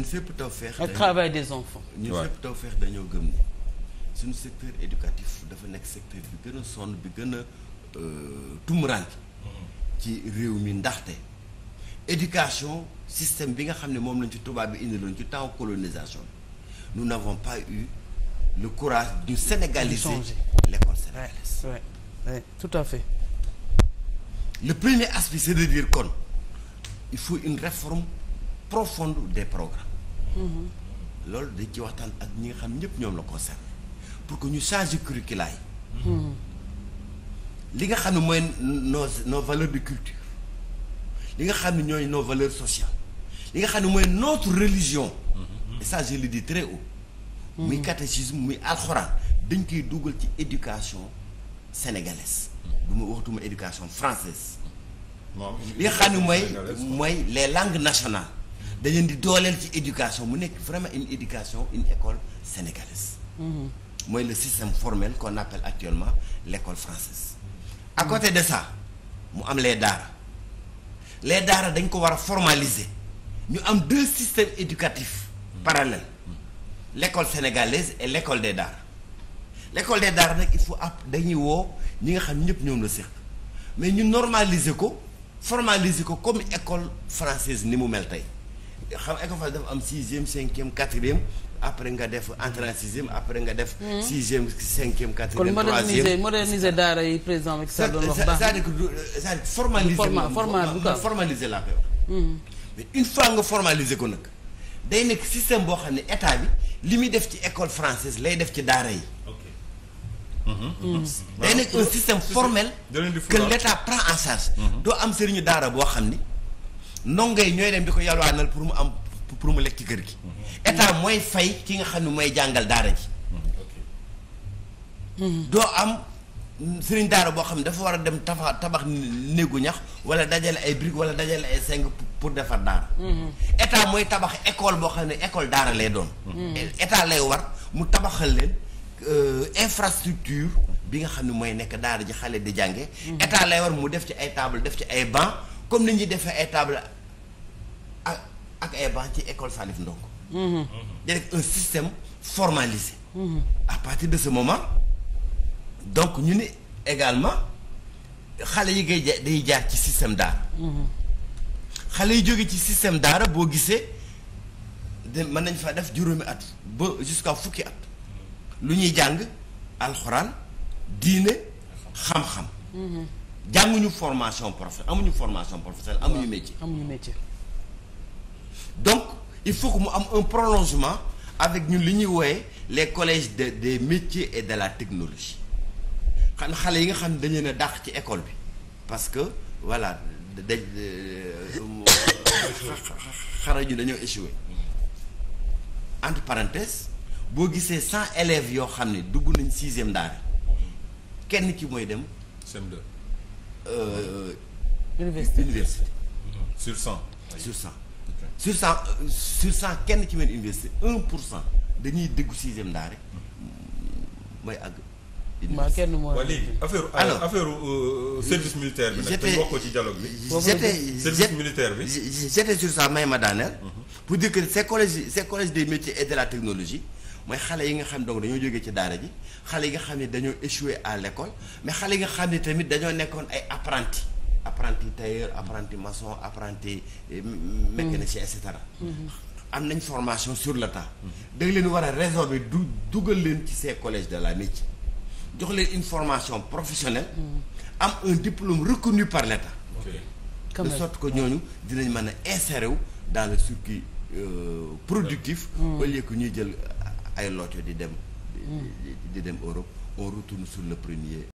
ñun fépp Tawfekh. ak travail des enfants. ñun fépp Tawfekh dañoo gëm suñu secteur éducatif dafa nekk secteur gën a sonn gën a euh, tumuraanke ci réew mi ndaxte éducation système bi nga xam ne moom lañ ci tubaab bi indiloon ci temps colonisation bi nous le courage de sénégaliser l'école sénégalaise. Ouais, tout à fait. le premier aspect c'est de dire kon il faut une réforme profonde des programmes loolu dañ ci waxtaan ak ñi nga xam ñëpp ñoom la concerne pour que ñu changer curricula hmm. li nga xam ne mooy nos nos de culture li nga xam ne ñooy nos valeurs sociales li nga xam ne mooy notre religion hmm. et ça je le dis très haut hmm. muy catéchisme muy alxuraan dañ koy duggal ci éducation sénégalaise du ma waxtuma éducation francaise li nga xam ne mooy mooy les langues nationales dañ leen di dooleel ci éducation mu nekk vraiment une éducation une école sénégalaise. Mm-hmm. mooy le système formel qu'on appelle actuellement l'école française. à côté de sa mu am les daara les daara dañ ko war a formaliser ñu am deux systèmes éducatifs mm-hmm. parallèles mm-hmm. l'école sénégalaise et l'école des daara l'école des daara nag il faut ab dañuy woo ñi nga xam ñëpp ñoom la séq mais ñu normaliser ko formaliser ko comme école française ni mu mel tey. xam ECOFAS dafa am sixième cinquième quatrième après nga def entrée en sixième après nga def. Hmm. sixième cinquième quatrième troisième kon moderniser moderniser daara yi président Macky Sall doon wax baax c'est-à-dire que formaliser. format format formaliser la paix. Hmm. mais une fois nga formaliser ko nag day nekk système boo xam ne état bi li muy def ci école française lay def ci daara yi. Hmm. Mhm. day nekk un système formel. que l'état prend en charge. Mhm. doo am sëriñu daara boo xam ni. ndongo yi ñooy dem di ko yalwaanal pour mu am pour mu lekk ci kër gi. état mooy fay ki nga xam ne mooy jàngal daara ji. doo am sëriñ daara boo xam ne dafa war a dem tabax tabax néegu ñax wala dajale ay briques wala dajale ay seng pour defar daara. état mooy tabax ecole boo xam ne école daara lay doon. état lay war mu tabaxal leen euh, infrastructure bi nga xam ne mooy nekk daara ji xale di jànge état lay war mu def ci ay table def ci ay banc comme ni ñuy defee table. ak ak ay banc ci école Salif Ndongo da mhm. def un système formalisé mhm. à partir de ce moment donc ñu ni également xale yi ngay day jaar ci système daara mhm. xale yi jóge ci système daara boo gisee de mën nañ fa def juróomi at ba jusqu'à fukki at lu ñuy jàng alxuraan diine xam-xam jànguñu formation professionnelle amuñu formation professionnelle amuñu métier amuñu métier donc il faut que mu am un prolongement avec ñun li ñuy wooyee les collège de des métiers et de la technologie xan xale yi nga xam ne dañu ne dàq ci école bi parce que voilà da xarañu dañoo échoué entre parenthèses boo gisee cent élèves yoo xam ne dugg nañ sixième daara kenn ki mooy dem CM2 euh, université université sur cent sur cent sur cent sur cent kenn ci meen investir un pour cent dañuy déggu sixième daa rek mooy àgg. maa kenn moo waa affaire euh, alors affaire euh, service militaire bi nag. te wax ko ci dialogue bi. service militaire bi j'étais sur ça may ma daaneel. pour dire que ces collèges ces collèges des métiers et de la technologie mooy xale yi nga xam donc dañoo jógee ci daara ji xale yi nga xam ne dañoo échoué à l'école mais xale yi nga xam ne tamit dañoo nekkoon ay apprentis. apprenti tailleur apprenti maçon apprenti eh, mécanicien et cetera mm-hmm. am nañ formation sur le tas da nga leen war a bi du dugal leen ci see collège de la métier jox leen une formation professionnelle mm-hmm. am un diplôme reconnu par l'État de sorte que ñooñu dinañ mën a insérer wu dans le circuit euh, productif mm-hmm. au lieu ñuy jël ay looco di dem di dem Europe on retourne sur le premier